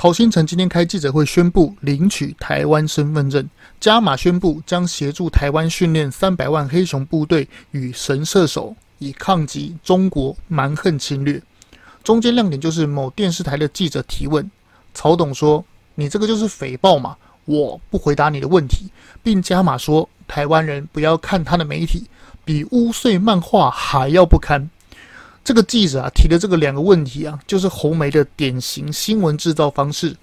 曹興誠今天開記者會宣布領取台灣身份證，加碼宣布將協助台灣訓練三百萬黑熊部隊與神射手，以抗擊中國蠻橫侵略。中間亮點就是某電視台的記者提問，曹董說：“你這個就是誹謗嘛，我不回答你的問題。”並加碼說：“台灣人不要看他的媒體，比污穢漫畫還要不堪。”這個記者啊提的這個兩個問題啊，就是紅媒的典型新聞製造方式，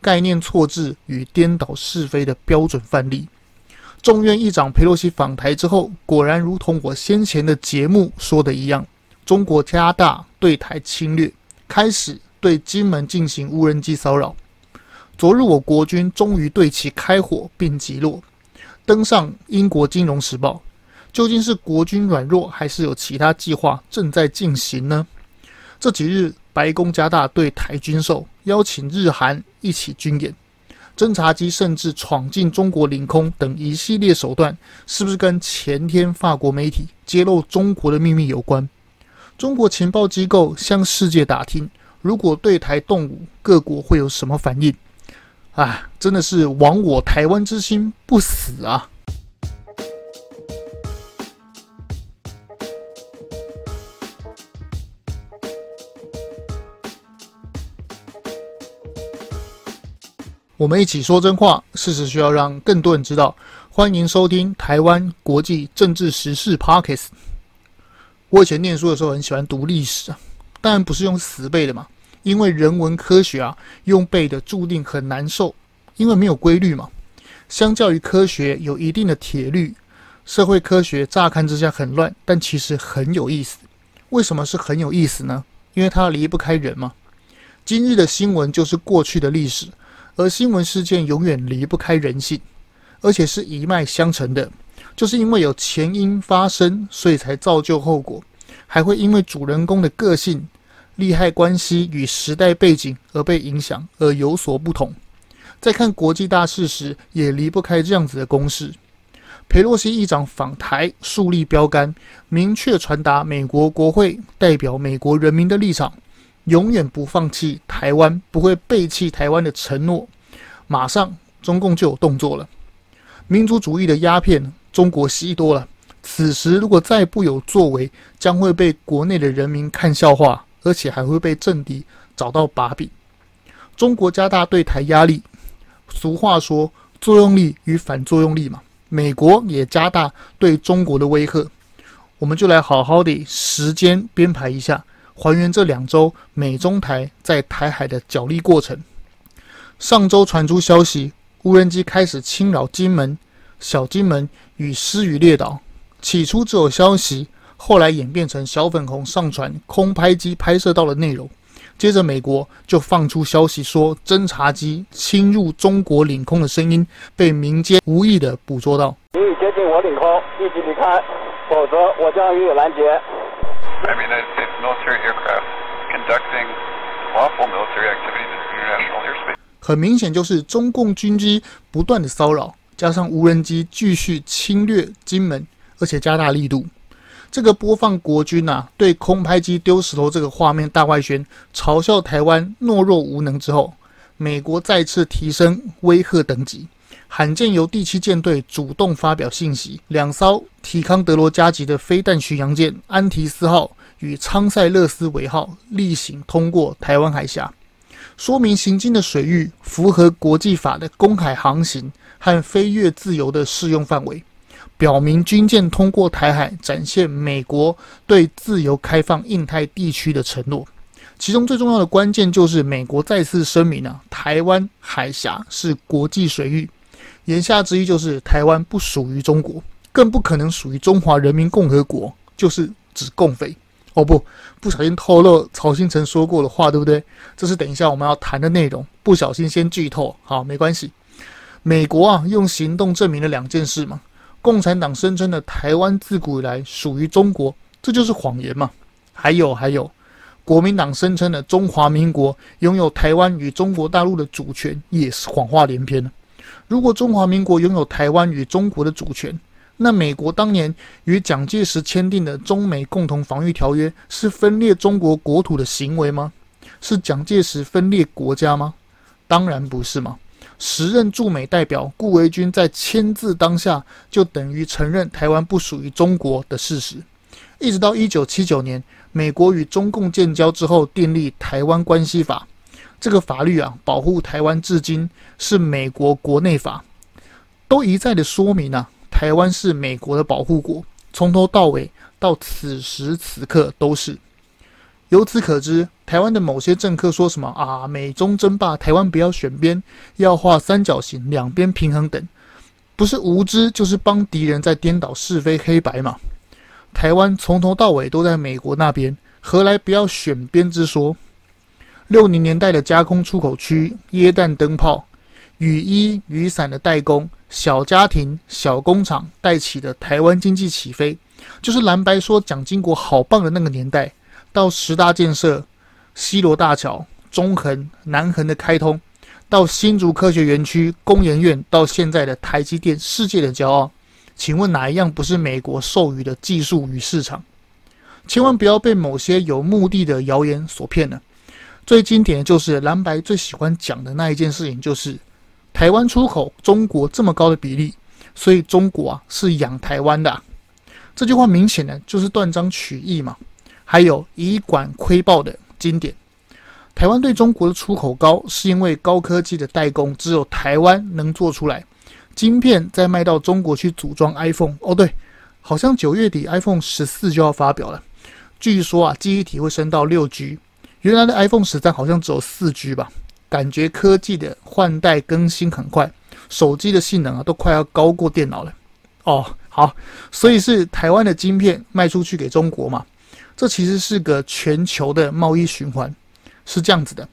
概念錯置與顛倒是非的標準範例。眾院議長佩洛西訪台之後，果然如同我先前的節目說的一樣，中國加大對台侵略，開始對金門進行無人機騷擾。昨日我國軍終於對其開火並擊落，登上英國《金融時報》。究竟是國軍軟弱，還是有其他計劃正在進行呢？這幾日，白宮加大對台軍售，邀請日韓一起軍演，偵察機甚至闖進中國領空等一系列手段，是不是跟前天法國媒體揭露中國的秘密有關？中國情報機構向世界打聽，如果對台動武，各國會有什麼反應？唉，真的是亡我台灣之心不死啊！我們一起說真話，事實需要讓更多人知道。歡迎收聽《台灣國際政治時事 Podcast》。我以前念書的時候很喜歡讀歷史啊，當然不是用死背的嘛，因為人文科學啊，用背的注定很難受，因為沒有規律嘛。相較於科學有一定的鐵律，社會科學乍看之下很亂，但其實很有意思。為什麼是很有意思呢？因為它離不開人嘛。今日的新聞就是過去的歷史。而新聞事件永遠離不開人性，而且是一脈相承的，就是因為有前因發生，所以才造就後果，還會因為主人公的個性、利害關係與時代背景而被影響而有所不同。在看國際大事時，也離不開這樣子的公式。裴洛西議長訪台，樹立標杆，明確傳達美國國會代表美國人民的立場。永遠不放棄台灣，不會背棄台灣的承諾。馬上，中共就有動作了。民族主義的鴉片，中國吸多了。此時如果再不有作為，將會被國內的人民看笑話，而且還會被政敵找到把柄。中國加大對台壓力，俗話說作用力與反作用力嘛。美國也加大對中國的威嚇。我們就來好好的時間編排一下。還原這兩週美中台在台海的角力過程。上週傳出消息，無人機開始侵擾金門、小金門與獅嶼列島。起初只有消息，後來演變成小粉紅上傳空拍機拍攝到的內容。接着美國就放出消息說，偵察機侵入中國領空的聲音被民間無意地捕捉到。你已接近我領空，立即離開，否則我將予以攔截。很明顯就是中共軍機不斷的騷擾，加上無人機繼續侵略金門，而且加大力度。這個播放國軍吶、啊、對空拍機丟石頭這個畫面大外宣，嘲笑台灣懦弱無能之後，美國再次提升威嚇等級。罕見由第七艦隊主動發表信息，兩艘提康德羅加級的飛彈巡洋艦“安提斯號”與“昌塞勒斯維號”例行通過台灣海峽，說明行經的水域符合國際法的公海航行和飛越自由的適用範圍，表明軍艦通過台海，展現美國對自由開放印太地區的承諾。其中最重要的關鍵就是美國再次聲明啊，台灣海峽是國際水域。言下之意，就是台灣不屬於中國，更不可能屬於中華人民共和國，就是指共匪。哦不，不小心透露曹興誠說過的話，對不對？這是等一下我們要談的內容，不小心先劇透，好，沒關係。美國啊，用行動證明了兩件事嘛：共產黨聲稱的台灣自古以來屬於中國，這就是謊言嘛；還有還有，國民黨聲稱的中華民國擁有台灣與中國大陸的主權，也是謊話連篇了如果中華民國擁有台灣與中國的主權，那美國當年與蔣介石簽訂的《中美共同防禦條約》是分裂中國國土的行為嗎？是蔣介石分裂國家嗎？當然不是嘛！時任駐美代表顧維鈞在簽字當下，就等於承認台灣不屬於中國的事實。一直到一九七九年，美國與中共建交之後，訂立《台灣關係法》。這個法律啊，保護台灣至今是美國國內法，都一再的說明啊，台灣是美國的保護國，從頭到尾到此時此刻都是。由此可知，台灣的某些政客說什麼啊，美中爭霸，台灣不要選邊，要畫三角形，兩邊平衡等，不是無知就是幫敵人在顛倒是非黑白嘛。台灣從頭到尾都在美國那邊，何來不要選邊之說？六零年代的加工出口區、耶誕燈泡、雨衣、雨傘的代工，小家庭、小工廠帶起的台灣經濟起飛，就是藍白說蔣經國好棒的那個年代。到十大建設、西羅大橋、中橫、南橫的開通，到新竹科學園區、工研院，到現在的台積電，世界的驕傲。請問哪一樣不是美國授予的技術與市場？千萬不要被某些有目的的謠言所騙了。最經典的就是藍白最喜歡講的那一件事情，就是台灣出口中國這麼高的比例，所以中國啊是養台灣的啊。這句話明顯呢就是斷章取義嘛。還有以管窺豹的經典，台灣對中國的出口高，是因為高科技的代工只有台灣能做出來，晶片再賣到中國去組裝 iPhone。哦對，好像九月底 iPhone 十四就要發表了，據說啊記憶體會升到六 G。原來的 iPhone 十三好像只有四 G 吧，感覺科技的換代更新很快，手機的性能啊都快要高過電腦了。哦，好，所以是台灣的晶片賣出去給中國嘛？這其實是個全球的貿易循環，是這樣子的：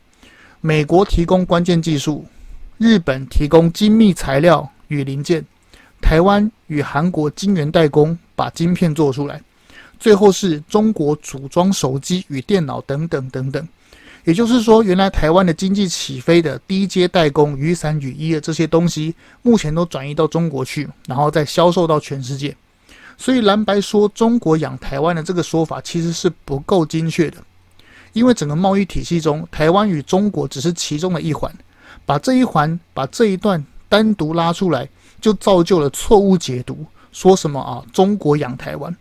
美國提供關鍵技術，日本提供精密材料與零件，台灣與韓國晶圓代工把晶片做出來。最後是中國組裝手機與電腦等等等等，也就是說，原來台灣的經濟起飛的低階代工、雨傘、雨衣的這些東西，目前都轉移到中國去，然後再銷售到全世界。所以藍白說“中國養台灣”的這個說法其實是不夠精確的，因為整個貿易體系中，台灣與中國只是其中的一環，把這一環、把這一段單獨拉出來，就造就了錯誤解讀，說什麼啊“中國養台灣”。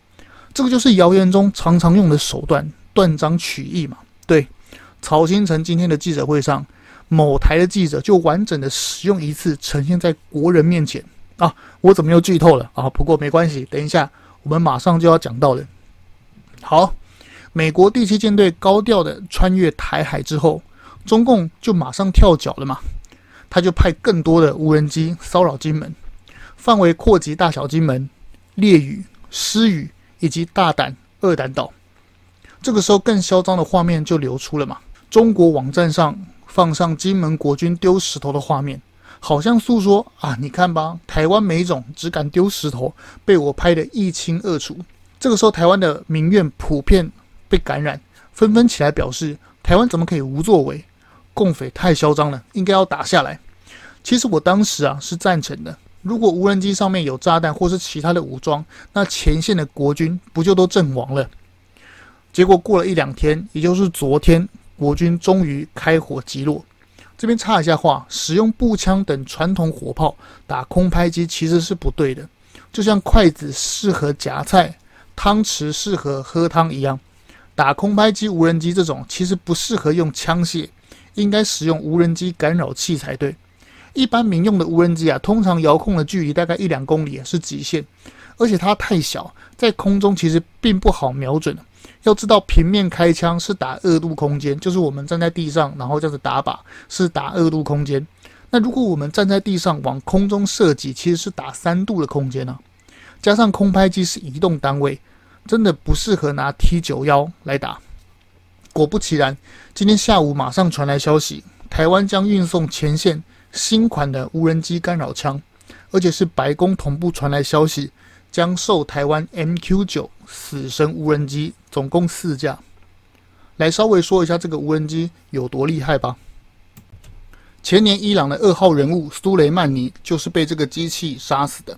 這個就是謠言中常常用的手段——斷章取義嘛。對，曹興誠今天的記者會上，某台的記者就完整的使用一次，呈現在國人面前啊。我怎麼又劇透了啊？不過沒關係，等一下我們馬上就要講到了。好，美國第七艦隊高調的穿越台海之後，中共就馬上跳腳了嘛，他就派更多的無人機騷擾金門，範圍擴及大小金門、烈嶼、獅嶼。以及大膽二膽島，這個時候更囂張的畫面就流出了嘛。中國網站上放上金門國軍丟石頭的畫面，好像訴說啊，你看吧，台灣沒種，只敢丟石頭，被我拍得一清二楚。這個時候，台灣的民怨普遍被感染，紛紛起來表示，台灣怎麼可以無作為？共匪太囂張了，應該要打下來。其實我當時啊是贊成的。如果無人機上面有炸彈或是其他的武裝，那前線的國軍不就都陣亡了？結果過了一兩天，也就是昨天，國軍終於開火擊落。這邊插一下話，使用步槍等傳統火炮打空拍機其實是不對的，就像筷子適合夾菜，湯匙適合喝湯一樣。打空拍機無人機這種其實不適合用槍械，應該使用無人機干擾器才對。一般民用的無人機啊，通常遙控的距離大概一兩公里是極限，而且它太小，在空中其實並不好瞄準。要知道，平面開槍是打二度空間，就是我們站在地上，然後這樣子打靶是打二度空間。那如果我們站在地上往空中射擊，其實是打三度的空間呢、啊。加上空拍機是移動單位，真的不適合拿 T91 來打。果不其然，今天下午馬上傳來消息，台灣將運送前線。新款的無人機干擾槍，而且是白宮同步傳來消息，將售台灣 MQ 九死神無人機，總共四架。來稍微說一下這個無人機有多厲害吧？前年伊朗的二號人物蘇雷曼尼就是被這個機器殺死的，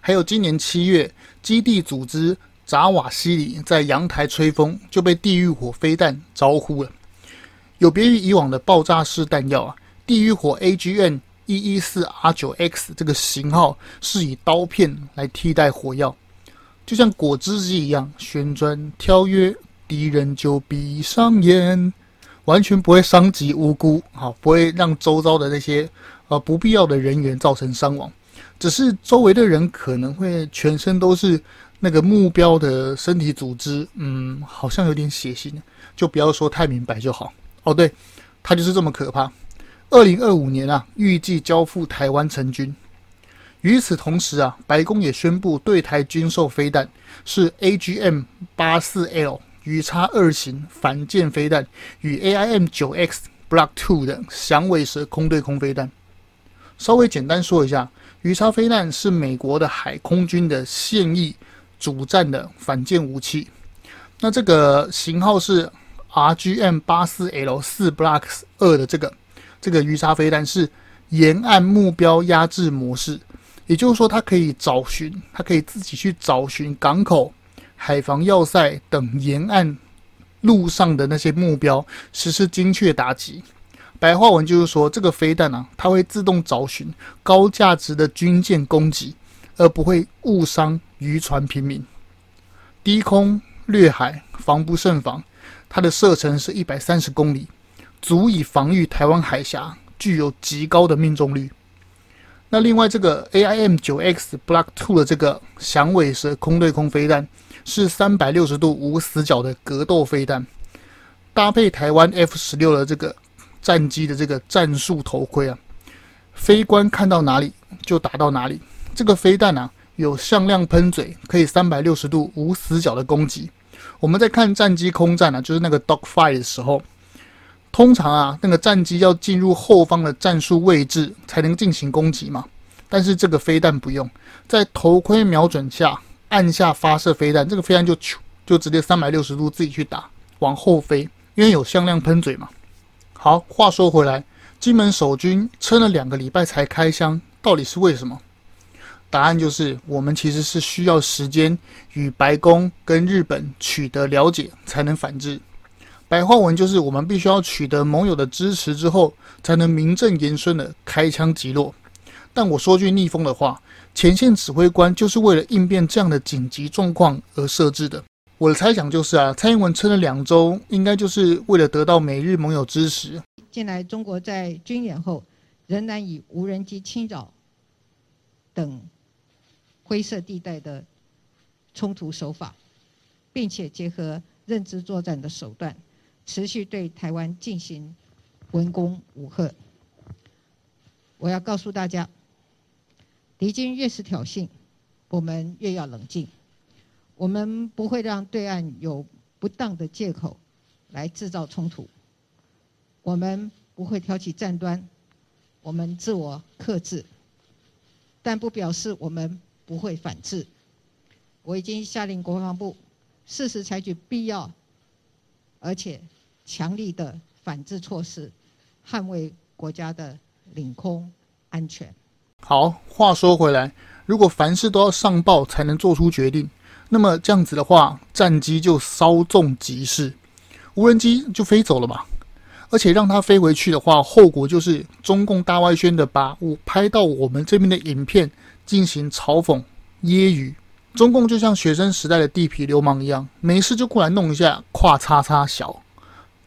還有今年七月，基地組織扎瓦希里在陽台吹風就被地獄火飛彈招呼了。有別於以往的爆炸式彈藥啊。地獄火 AGN 一一四 R 九 X 這個型號是以刀片來替代火藥，就像果汁機一樣旋轉跳躍，敵人就閉上眼，完全不會傷及無辜，好，不會讓周遭的那些啊、呃、不必要的人員造成傷亡，只是周圍的人可能會全身都是那個目標的身體組織，嗯，好像有點血腥，就不要說太明白就好。哦，對，他就是這麼可怕。二零二五年啊，預計交付台灣成軍。與此同時啊，白宮也宣布對台軍售飛彈是 A G M 八四 L 魚叉二型反艦飛彈與 A I M 九 X Block Two 的響尾蛇空對空飛彈。稍微簡單說一下，魚叉飛彈是美國的海空軍的現役主戰的反艦武器。那這個型號是 R G M 八四 L 四 Block 二的這個。這個魚叉飛彈是沿岸目標壓制模式，也就是說，它可以找尋，它可以自己去找尋港口、海防要塞等沿岸陸上的那些目標，實施精確打擊。白話文就是說，這個飛彈啊，它會自動找尋高價值的軍艦攻擊，而不會誤傷漁船、平民。低空掠海，防不勝防。它的射程是一百三十公里。足以防禦台灣海峽，具有極高的命中率。那另外這個 AIM-9X Block II 的這個響尾蛇空對空飛彈，是三百六十度無死角的格鬥飛彈，搭配台灣 F-16 的這個戰機的這個戰術頭盔啊，飛官看到哪裡就打到哪裡。這個飛彈啊，有向量噴嘴，可以三百六十度無死角的攻擊。我們在看戰機空戰呢、啊，就是那個 Dogfight 的時候。通常啊，那個戰機要進入後方的戰術位置才能進行攻擊嘛。但是這個飛彈不用，在頭盔瞄準下按下發射飛彈，這個飛彈就就直接三百六十度自己去打，往後飛，因為有向量噴嘴嘛。好，話說回來，金門守軍撐了兩個禮拜才開槍，到底是為什麼？答案就是我們其實是需要時間與白宮跟日本取得了解，才能反制。白話文就是我們必須要取得盟友的支持之後，才能名正言順地開槍擊落。但我說句逆風的話，前線指揮官就是為了應變這樣的緊急狀況而設置的。我的猜想就是啊，蔡英文撐了兩週，應該就是為了得到美日盟友支持。近來中國在軍演後，仍然以無人機侵擾等灰色地帶的衝突手法，並且結合認知作戰的手段。持續對臺灣進行文攻武嚇，我要告訴大家，敵軍越是挑釁，我們越要冷靜。我們不會讓對岸有不當的借口來製造衝突。我們不會挑起戰端，我們自我克制，但不表示我們不會反制。我已經下令國防部適時採取必要，而且，強力的反制措施，捍衛國家的領空安全。好，話說回來，如果凡事都要上報才能做出決定，那麼這樣子的話，戰機就稍縱即逝，無人機就飛走了嘛。而且讓它飛回去的話，後果就是中共大外宣的把我拍到我們這邊的影片進行嘲諷揶揄。中共就像學生時代的地痞流氓一樣，沒事就過來弄一下跨叉叉小。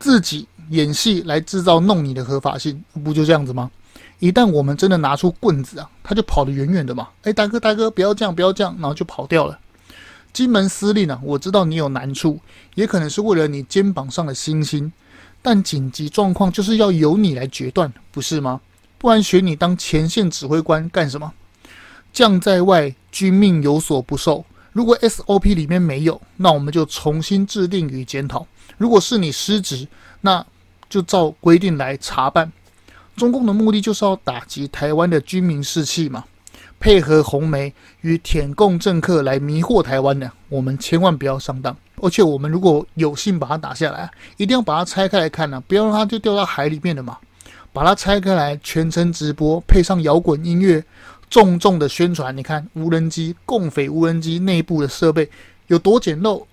自己演戲來製造弄你的合法性，不就這樣子嗎？一旦我們真的拿出棍子啊，他就跑得遠遠的嘛。誒、欸，大哥大哥，不要這樣，不要這樣，然後就跑掉了。金門司令啊，我知道你有難處，也可能是為了你肩膀上的星星，但緊急狀況就是要由你來決斷，不是嗎？不然選你當前線指揮官幹什麼？將在外，君命有所不受。如果 SOP 裡面沒有，那我們就重新制定與檢討。如果是你失職，那就照規定來查辦。中共的目的就是要打擊台灣的軍民士氣嘛，配合紅媒與舔共政客來迷惑台灣的，我們千萬不要上當。而且我們如果有幸把它打下來，一定要把它拆開來看呢、啊，不要讓它就掉到海裡面了嘛。把它拆開來，全程直播，配上搖滾音樂，重重的宣傳。你看無人機，共匪無人機內部的設備有多簡陋。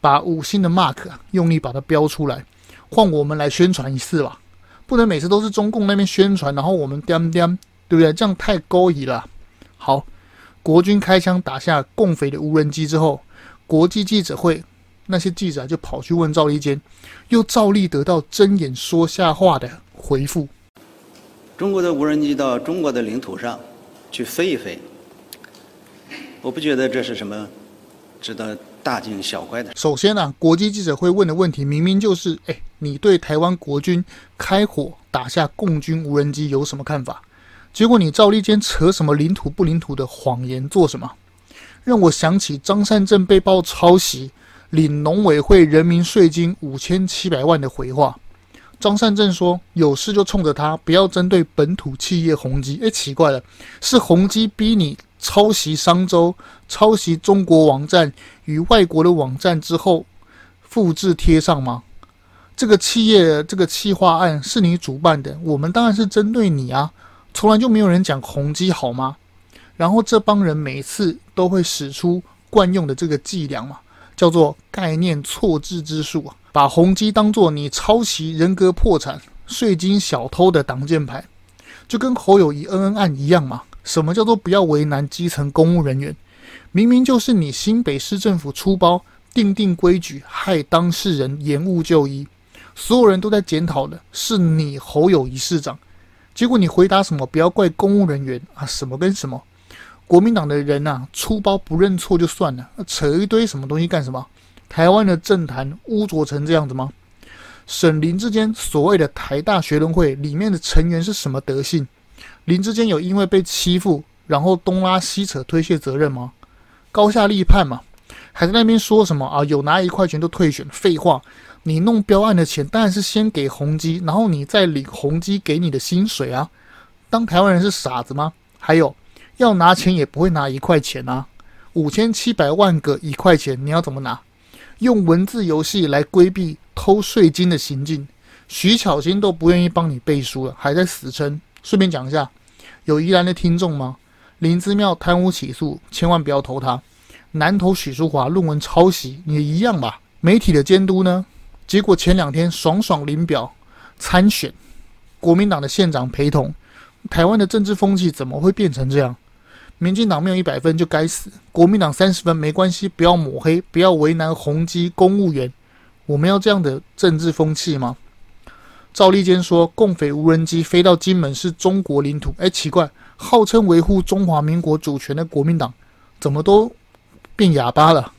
把五星的 mark 用力把它標出來，換我們來宣傳一次吧，不能每次都是中共那邊宣傳，然後我們掂掂，對不對？這樣太勾引了。好，國軍開槍打下共匪的無人機之後，國際記者會那些記者就跑去問趙立堅，又照例得到睜眼說瞎話的回復。中國的無人機到中國的領土上去飛一飛，我不覺得這是什麼值得大驚小怪的。首先呢、啊，國際記者會問的問題明明就是：哎，你對台灣國軍開火打下共軍無人機有什麼看法？結果你趙立堅扯什麼領土不領土的謊言做什麼？讓我想起張善政被曝抄襲領農委會人民稅金五千七百萬的回話。張善政說：“有事就衝着他，不要針對本土企業宏基。”誒，奇怪了，是宏基逼你抄襲商周、抄襲中國網站與外國的網站之後，複製貼上嗎？這個企業這個企劃案是你主辦的，我們當然是針對你啊，從來就沒有人講宏基好嗎？然後這幫人每次都會使出慣用的這個伎倆嘛，叫做概念錯置之術啊。把宏基當做你抄襲人格破產、稅金小偷的擋箭牌，就跟侯友宜恩恩案一樣嘛？什麼叫做不要為難基層公務人員？明明就是你新北市政府出包定定規矩，害當事人延誤就醫。所有人都在檢討的，是你侯友宜市長。結果你回答什麼？不要怪公務人員啊？什麼跟什麼？國民黨的人吶、啊，出包不認錯就算了，扯一堆什麼東西幹什麼？台灣的政壇污濁成這樣子嗎？省林之間所謂的台大學倫會裡面的成員是什麼德性？林之間有因為被欺負然後東拉西扯推卸責任嗎？高下立判嗎？還在那邊說什麼啊？有拿一塊錢都退選？廢話，你弄標案的錢當然是先給宏基，然後你再領宏基給你的薪水啊。當台灣人是傻子嗎？還有要拿錢也不會拿一塊錢啊，五千七百萬個一塊錢，你要怎麼拿？用文字遊戲來規避偷稅金的行徑，徐巧芯都不願意幫你背書了，還在死撐。順便講一下，有宜蘭的聽眾嗎？林姿妙貪污起訴，千萬不要投他。南投許淑華論文抄襲你也一樣吧。媒體的監督呢？結果前兩天爽爽林表參選，國民黨的縣長陪同。台灣的政治風氣怎麼會變成這樣？民進黨沒有一百分就該死，國民黨三十分沒關係，不要抹黑，不要為難紅基公務員，我們要這樣的政治風氣嗎？趙立堅說，共匪無人機飛到金門是中國領土，哎、欸，奇怪，號稱維護中華民國主權的國民黨，怎麼都變啞巴了？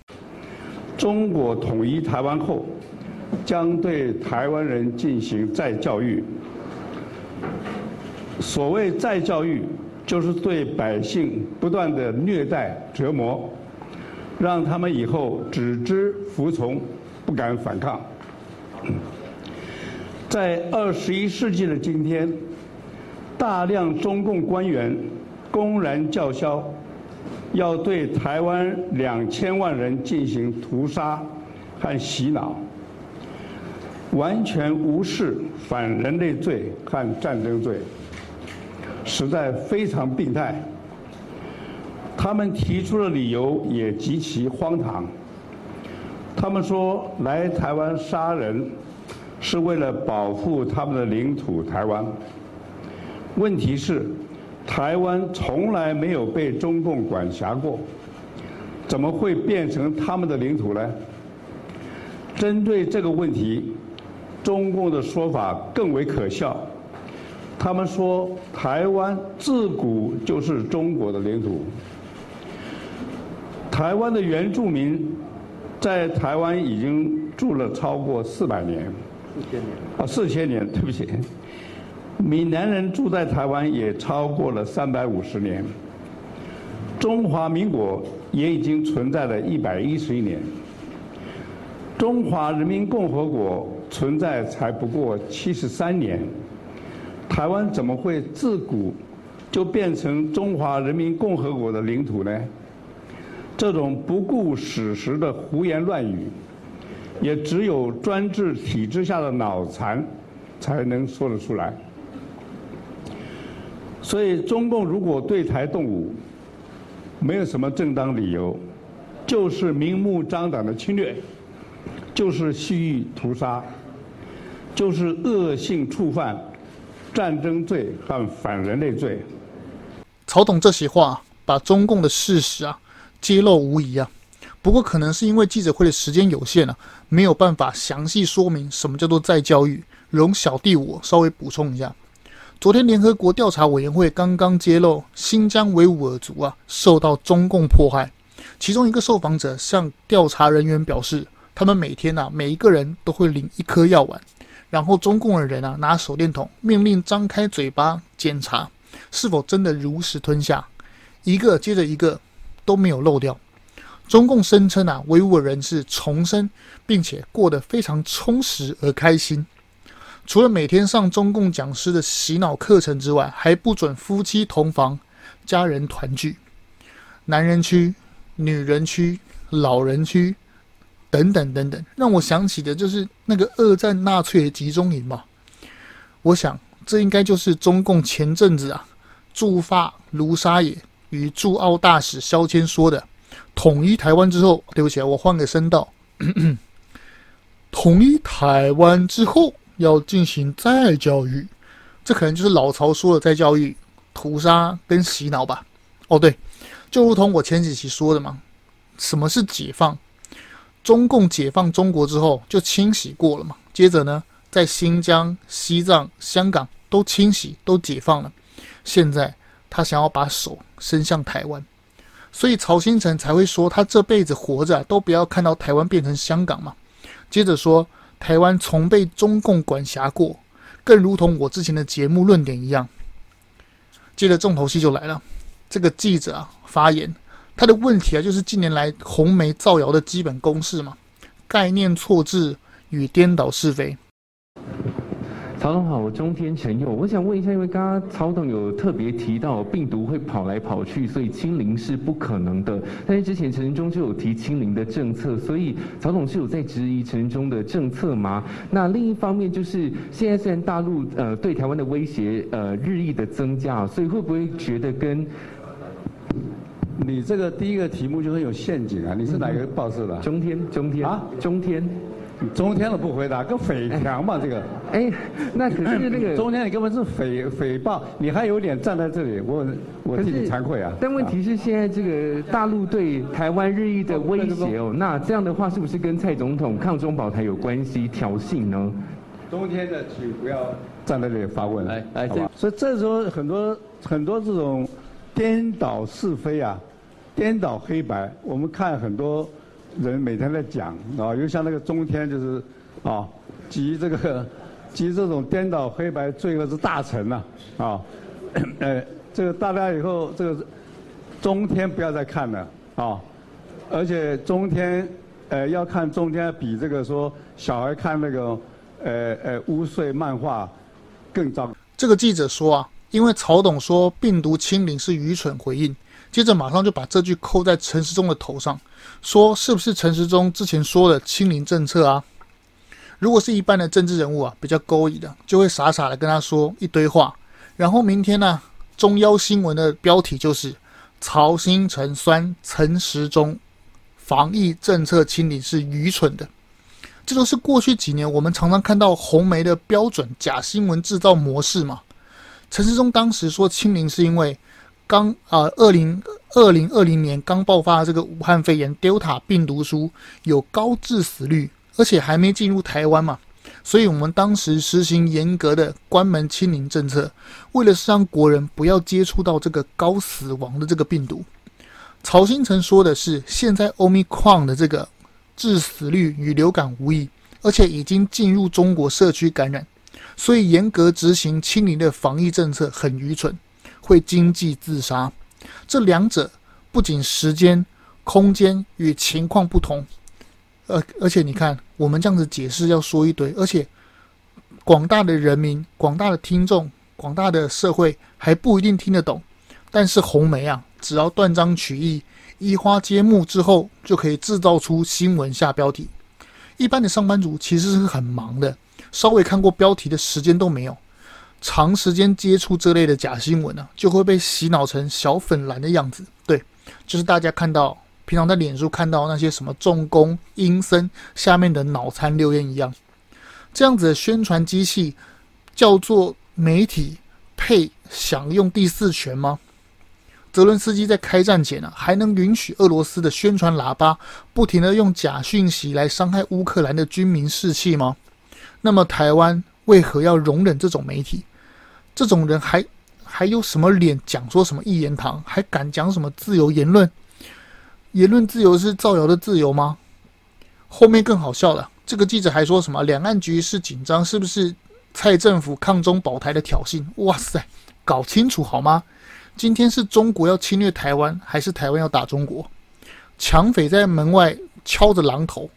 中國統一台灣後，將對台灣人進行再教育。所謂再教育。就是對百姓不斷的虐待折磨，讓他們以後只知服從，不敢反抗。在二十一世紀的今天，大量中共官員公然叫囂，要對台灣兩千萬人進行屠殺和洗腦，完全無視反人類罪和戰爭罪。實在非常病態。他們提出的理由也極其荒唐，他們說，來台灣殺人是為了保護他們的領土台灣。問題是，台灣從來沒有被中共管轄過，怎麼會變成他們的領土呢？針對這個問題，中共的說法更為可笑。他們說，台灣自古就是中國的領土。台灣的原住民在台灣已經住了超過四百年。四千年。啊，四千年，對不起。閩南人住在台灣也超過了三百五十年。中華民國也已經存在了一百一十一年。中華人民共和國存在才不過七十三年。台灣怎麼會自古就變成中華人民共和國的領土呢？這種不顧史實的胡言亂語，也只有專制體制下的腦殘才能說得出來。所以，中共如果對台動武，沒有什麼正當理由，就是明目張膽的侵略，就是蓄意屠殺，就是惡性觸犯。戰爭罪和反人類罪。曹董這席話、啊、把中共的事實啊揭露無遺啊。不過可能是因為記者會的時間有限啊，沒有辦法詳細說明什麼叫做再教育。容小弟我稍微補充一下，昨天聯合國調查委員會剛剛揭露，新疆維吾爾族啊受到中共迫害。其中一個受訪者向調查人員表示，他們每天啊每一個人都會領一顆藥丸。然後中共的人啊，拿手電筒命令張開嘴巴檢查，是否真的如實吞下，一個接着一個都沒有漏掉。中共聲稱啊，維吾爾人是重生，並且過得非常充實而開心。除了每天上中共講師的洗腦課程之外，還不准夫妻同房、家人團聚。男人區、女人區、老人區。等等等等，讓我想起的就是那個二戰納粹的集中營嘛。我想，這應該就是中共前陣子啊駐法盧沙野與駐澳大使肖謙說的，統一台灣之後，對不起，我換個聲道，咳咳，統一台灣之後要進行再教育，這可能就是老曹說的再教育、屠殺跟洗腦吧。哦對，就如同我前幾期說的嘛，什麼是解放？中共解放中國之後就清洗過了嘛，接着呢，在新疆、西藏、香港都清洗都解放了，現在他想要把手伸向台灣，所以曹興誠才會說他這輩子活着、啊、都不要看到台灣變成香港嘛。接着說台灣從被中共管轄過，更如同我之前的節目論點一樣。接着重頭戲就來了，這個記者啊發言。他的問題啊，就是近年來紅媒造謠的基本公式嘛，概念錯置與顛倒是非。曹總好，我中天陳佑，我想問一下，因為剛剛曹總有特別提到病毒會跑來跑去，所以清零是不可能的。但是之前陳時中就有提清零的政策，所以曹總是有在質疑陳時中的政策嗎？那另一方面就是，現在雖然大陸呃對台灣的威脅呃日益的增加，所以會不會覺得跟？你這個第一個題目就是有陷阱啊！你是哪個報社的？中天，中天啊，中天，中天了不回答，跟匪強嘛、哎、這個。哎，那可是，是那個中天，你根本是誹誹謗，你還有臉站在這裡？我我替你慚愧啊。但問題是現在這個大陸對台灣日益的威脅哦，那這樣的話是不是跟蔡總統抗中保台有關係？挑釁呢？中天的請不要站在這裡發問，來來，所以這時候很多很多這種顛倒是非啊。顛倒黑白，我們看很多人每天在講啊，又、哦、像那個中天就是啊、哦，集這個集這種顛倒黑白罪惡之大成吶啊、哦，呃，這個大家以後這個中天不要再看了啊、哦，而且中天呃要看中天比這個說小孩看那個呃呃污穢漫畫更髒。這個記者說啊，因為曹董說病毒清零是愚蠢回應。接着馬上就把這句扣在陳時中的頭上，說是不是陳時中之前說的清零政策啊？如果是一般的政治人物啊，比較勾引的，就會傻傻的跟他說一堆話。然後明天呢、啊，中央新聞的標題就是曹興誠、酸陳時中防疫政策清零是愚蠢的。這都是過去幾年我們常常看到紅媒的標準假新聞制造模式嘛。陳時中當時說清零是因為。剛啊，二零二零二零年剛爆發的這個武漢肺炎 Delta 病毒株有高致死率，而且還沒進入台灣嘛，所以我們當時實行嚴格的關門清零政策，為了是讓國人不要接觸到這個高死亡的這個病毒。曹興誠說的是，現在 Omicron 的這個致死率與流感無異，而且已經進入中國社區感染，所以嚴格執行清零的防疫政策很愚蠢。會經濟自殺，這兩者不僅時間、空間與情況不同，而而且你看，我們這樣子解釋要說一堆，而且廣大的人民、廣大的聽眾、廣大的社會還不一定聽得懂。但是紅媒啊，只要斷章取義、移花接木之後，就可以制造出新聞下標題。一般的上班族其實是很忙的，稍微看過標題的時間都沒有。長時間接觸這類的假新聞呢、啊，就會被洗腦成小粉藍的樣子。對，就是大家看到平常在臉書看到那些什麼重工、陰森下面的腦殘留言一樣，這樣子的宣傳機器叫做媒體，配享用第四權嗎？澤倫斯基在開戰前呢、啊，還能允許俄羅斯的宣傳喇叭不停的用假訊息來傷害烏克蘭的軍民士氣嗎？那麼台灣為何要容忍這種媒體？這種人還還有什麼臉講說什麼一言堂？還敢講什麼自由言論？言論自由是造謠的自由嗎？後面更好笑了，這個記者還說什麼兩岸局勢緊張，是不是蔡政府抗中保台的挑釁？哇塞，搞清楚好嗎？今天是中國要侵略台灣，還是台灣要打中國？搶匪在門外敲着榔頭，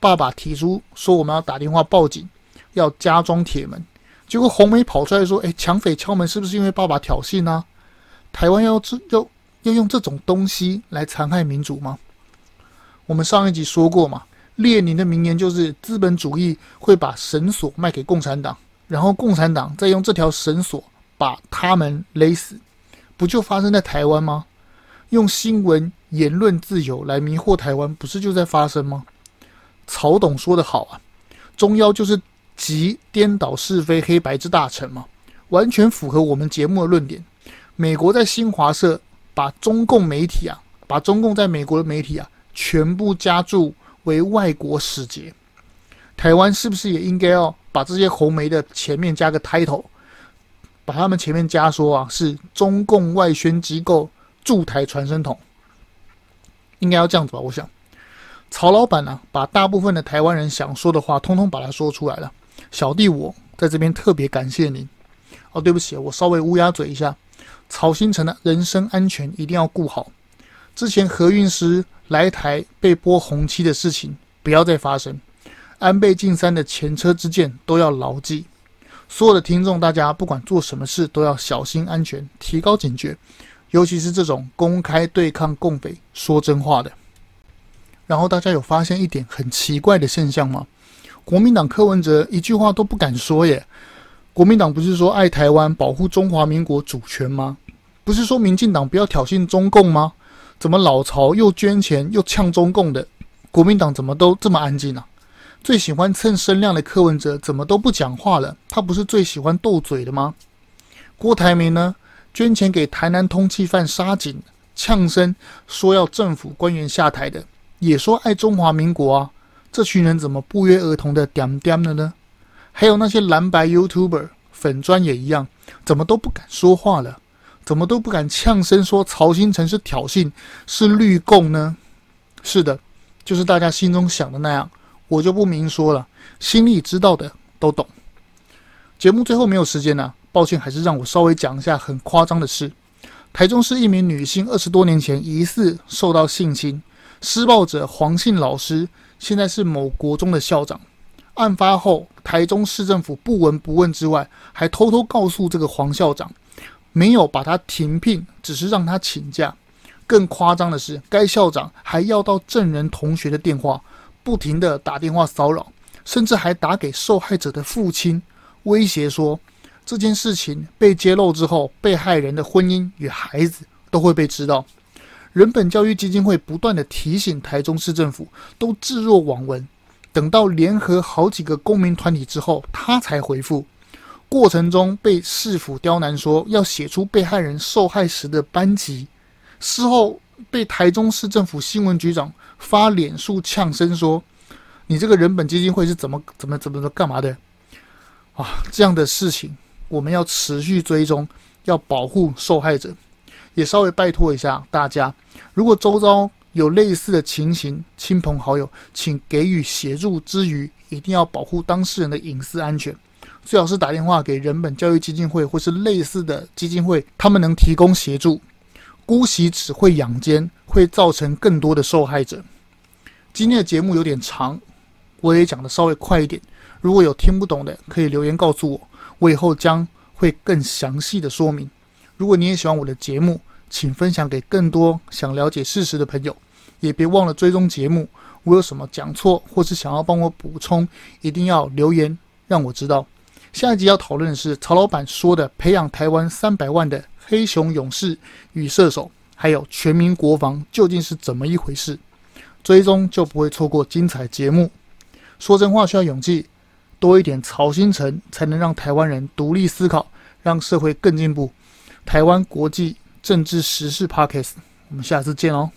爸爸提出說我們要打電話報警，要加裝鐵門。結果紅梅跑出來說：“誒，搶匪敲門是不是因為爸爸挑釁呢、啊？台灣要這要要用這種東西來殘害民主嗎？我們上一集說過嘛，列寧的名言就是資本主義會把繩索賣給共產黨，然後共產黨再用這條繩索把他們勒死，不就發生在台灣嗎？用新聞言論自由來迷惑台灣，不是就在發生嗎？曹董說得好啊，中央就是。”集顛倒是非黑白之大成嘛，完全符合我們節目的論點。美國在新華社把中共媒體啊，把中共在美國的媒體啊，全部加注為外國使節。台灣是不是也應該要把這些紅媒的前面加個 title，把他們前面加說啊是中共外宣機構駐台傳聲筒？應該要這樣子吧？我想，曹老闆呢、啊，把大部分的台灣人想說的話，通通把它說出來了。小弟，我在這邊特別感謝您。哦，對不起，我稍微烏鴉嘴一下。曹興誠的人身安全一定要顧好。之前何韻詩來台被潑紅漆的事情不要再發生。安倍晉三的前車之鑑都要牢記。所有的聽眾，大家不管做什麼事都要小心安全，提高警覺。尤其是這種公開對抗共匪、說真話的。然後大家有發現一點很奇怪的現象嗎？國民黨柯文哲一句話都不敢說耶，國民黨不是說愛台灣、保護中華民國主權嗎？不是說民進黨不要挑釁中共嗎？怎麼老曹又捐錢又嗆中共的，國民黨怎麼都這麼安靜啊？最喜歡蹭聲量的柯文哲怎麼都不講話了？他不是最喜歡鬥嘴的嗎？郭台銘呢？捐錢給台南通緝犯殺警，嗆聲說要政府官員下台的，也說愛中華民國啊。這群人怎麼不約而同的點點了呢？還有那些藍白 YouTuber 粉專也一樣，怎麼都不敢說話了？怎麼都不敢嗆聲說曹興誠是挑釁、是綠共呢？是的，就是大家心中想的那樣，我就不明說了，心裡知道的都懂。節目最後沒有時間了、啊，抱歉，還是讓我稍微講一下很誇張的事。台中市一名女性，二十多年前疑似受到性侵，施暴者黃姓老師。現在是某國中的校長，案發後，台中市政府不聞不問之外，還偷偷告訴這個黃校長，沒有把他停聘，只是讓他請假。更誇張的是，該校長還要到證人同學的電話，不停地打電話騷擾，甚至還打給受害者的父親，威脅說，這件事情被揭露之後，被害人的婚姻與孩子都會被知道。人本教育基金會不斷的提醒台中市政府，都置若罔聞。等到聯合好幾個公民團體之後，他才回復。過程中被市府刁難說，說要寫出被害人受害時的班級。事後被台中市政府新聞局長發臉書嗆聲說：“你這個人本基金會是怎麼怎麼怎麼着幹嘛的？”啊，這樣的事情我們要持續追蹤，要保護受害者。也稍微拜託一下大家，如果周遭有類似的情形，親朋好友，請給予協助之餘，一定要保護當事人的隱私安全。最好是打電話給人本教育基金會或是類似的基金會，他們能提供協助。姑息只會養奸，會造成更多的受害者。今天的節目有點長，我也講得稍微快一點。如果有聽不懂的，可以留言告訴我，我以後將會更詳細的說明。如果你也喜歡我的節目，請分享給更多想了解事實的朋友，也別忘了追蹤節目。我有什麼講錯或是想要幫我補充，一定要留言讓我知道。下一集要討論的是曹老闆說的“培養台灣三百萬的黑熊勇士與射手”，還有全民國防究竟是怎麼一回事？追蹤就不會錯過精彩節目。說真話需要勇氣，多一點曹興誠才能讓台灣人獨立思考，讓社會更進步。台灣國際政治時事 podcast，我們下次見哦。